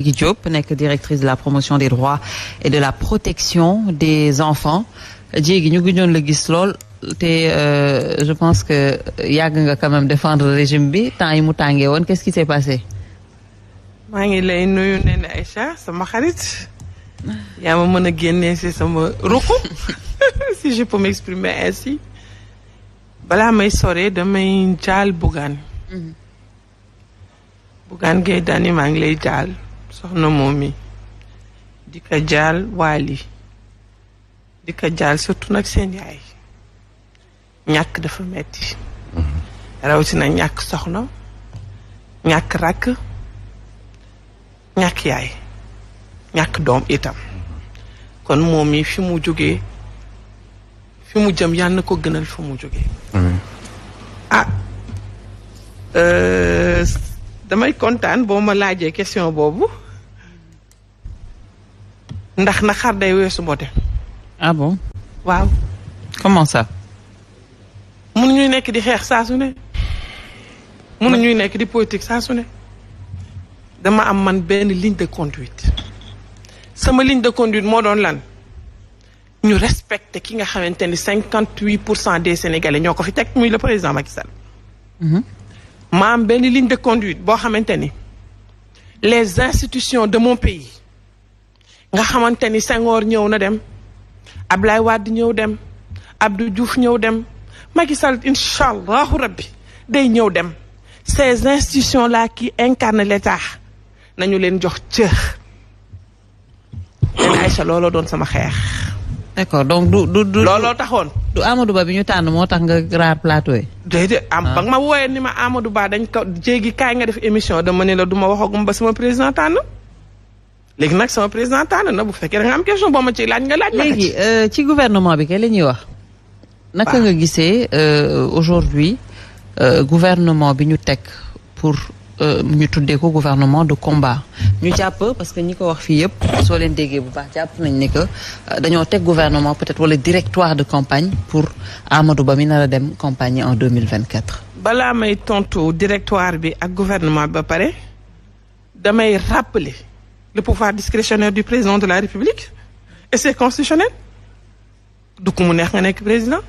Guy Diop nekk directrice de la promotion des droits et de la protection des enfants jéegi ñu gëjoon la gis lool te euh, je pense que yàgg nga quand même défendre régime bi tant yi mu tangé. woon qu'est-ce qui s'est passé maa ngi lay nuyu Néné Aïcha sama xarit yaa ma mën a génnee si sama Roko, si je peux m'exprimer ainsi balaa may sore damay jaal Bougane mhm. Bougane Gueye Dany maa ngi lay jaal soxna moom mi di ko jaal waali di ko jaal surtout nag seen yaay ñàkk dafa metti mm-hmm. rawatina ñàkk soxna ñàkk ràkk ñàkk yaay ñàkk doom itam mm-hmm. kon moom yi fi mu jógee fi mu jëm yàlla ko gënal fi mu jógee mm-hmm. ah euh, damay kontaan boo ma laajee question boobu ndax na xar day weesu mbote. ah waaw. comment ça. mun ñuy nekk di xeex saa su ne. mun ñuy nekk di politique saa su ne. dama am man benn ligne de conduite. sama ligne de conduite moo doon lan. ñu respecté ki nga xamante ni cinquante huit pour cent des sénégalais ñoo ko fi teg muy le président Macky Sall. Mhm. ma am benn ligne de conduite boo xamante les institutions de mon pays nga xamanteni sangor ñew na dem Ablaye wad ñew dem Abdou Diouf ñew dem Macky Sall incha rabbi day ñew dem ces institutions là qui incarnent l'état nañu leen jox cër. man Aïcha lolo doon sama xex d'accord donc du du lolo taxone du amadu Ba bi ñu tànn moo tax nga raar plateau yi. déedéet am ah. ba ma wooyee ni ma Amadou Ba dañ ko jéegi kaay nga def émission dama ne la du ma waxagum ba sama président tànn. léegi nag sama président tànn na bu fekkee da nga am question boo ma ci laaj nga laaj. ma léegi euh, ci gouvernement bi kay la ñuy wax. naka nga gisee euh, aujourd'hui euh, gouvernement bi ñu teg pour Euh, ñu tuddee ko gouvernement de combat ñu jàpp parce que ñiko wax fi yépp so leen déggé bu baax jàpp nañ que euh, dañoo gouvernement peut-être wala directoire de campagne pour Amadou Ba mi dem campagne en 2024 bala may tonto directoire bi ak gouvernement ba pare damay rappeler le pouvoir discrétionnaire du président de la République et c'est constitutionnel du ku mu neex nga nekk président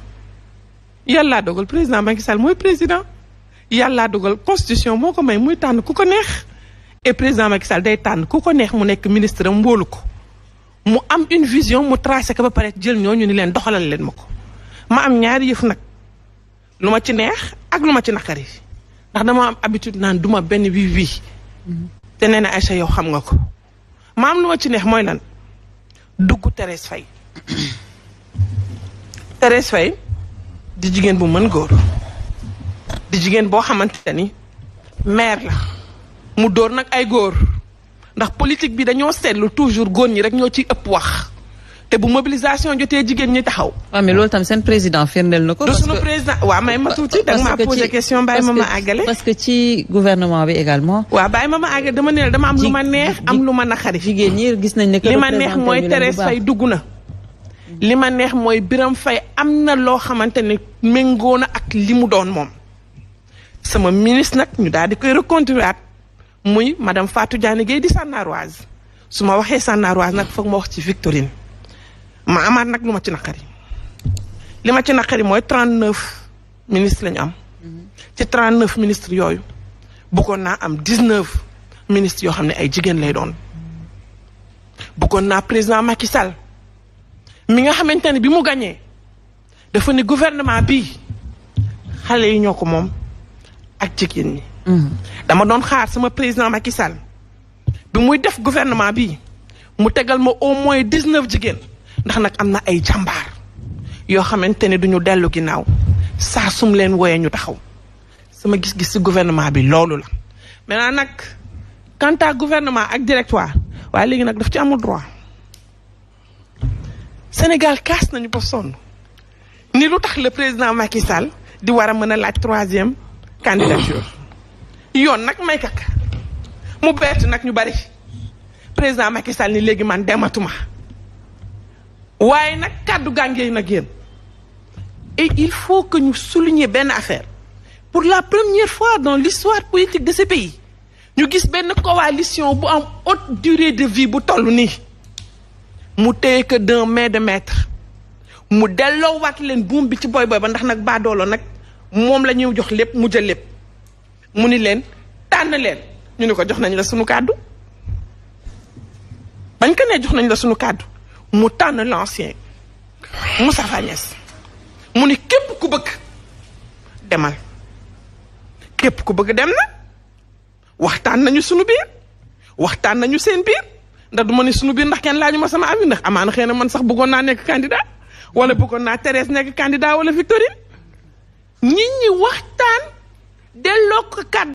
yalla dogal président Macky Sall mooy président yàllaa dugal constitution moo ko may muy tànn ku ko neex et président Macky Sall day tànn ku ko neex mu nekk ministre am mbóolu ko mu am une vision mu tracé ko ba pare jël ñoo ñu ni leen doxalal leen ma ko ma am ñaari yëf nag lu ma ci neex ak lu ma ci naqari ndax dama am habitude naan duma benn wii wii te nee na Aïcha yow xam nga ko ma am lu ma ci neex mooy lan dugg Thérèse fay Thérèse Faye di jigéen bu mën góor di jigéen boo xamante maire la mu door nak ay goor ndax politique bi dañoo seetlu toujours góor ñi rek ñoo ci ëpp wax te bu mobilisation jotee jigéen ñi taxaw. waaw mais loolu tam sen président fernel nako parce que do sunu président wa mais ma touti da ma poser question bàyyi mama agalé parce que ci gouvernement bi également. wa bàyyi mama agalé dama ne dama am lu ma neex am lu ma naqari. jigéen ñi gis nañ ne que li ma neex moy Thérèse Faye duguna na. li ma neex moy biram fay amna lo xamanteni mengona ak limu mu doon moom. sama ministre nag ñu daal di koy reconduire at muy madame Fatou Diané Gueye di Sanaroise su ma waxee Sanaroise nag foog ma wax ci Victorine ma amaat nag lu ma ci naqari li ma ci naqari mooy 39 ministres ministre lañu am. ci 39 ministres yooyu bëggoon naa am 19 ministres yoo xam ne ay jigéen lay doon bëggoon naa président Macky Sall mi nga xamante ne bi mu gañee dafa ne gouvernement bi xale yi ñoo ko moom. ak jigéen ñi. Mm-hmm. dama doon xaar sama président Macky Sall bi muy def gouvernement bi mu tegal ma au moins dix neuf jigéen ndax nag am na ay jàmbaar yoo xamante ne duñu dellu ginnaaw saa sum leen wooyee ñu taxaw sama gis-gis ci gouvernement bi loolu la maintenant nag quant gouvernement ak directoire waaye léegi nag daf ci amul droit Sénégal kaas nañu ba sonn ni lu tax le président Macky di war a mën a laaj troisième. candidature yoon nak may kaka. mu bet nak ñu bari président Macky Sall ni léegi man dématuma. waaye nak kaddu gàngee nag yéen et il faut que ñu souligner ben affaire pour la première fois dans l'histoire politique de ce pays ñu gis ben coalition bu am haute durée de vie bu tollu ni. mu que d'un main de maître mu wat leen boom bi ci boy boy ba ndax ba dolo nak mom la jox lepp mu jël lepp mu ni len tan len ñu ni ko jox nañ la suñu cadeau bañ ko ne jox nañ la suñu cadeau mu tan l'ancien Moussa Niasse mu ni képp ku bëgg demal képp ku bëgg dem na waxtaan nañu suñu biir waxtaan nañu seen biir ndax duma ni suñu biir ndax kenn laaju ma sama avis ndax amaana xëy na man sax bëggoon naa nekk candidat wala bëggoon naa Thérèse nekk candidat wala Victorine nit ñi waxtaan delloo ko kàddu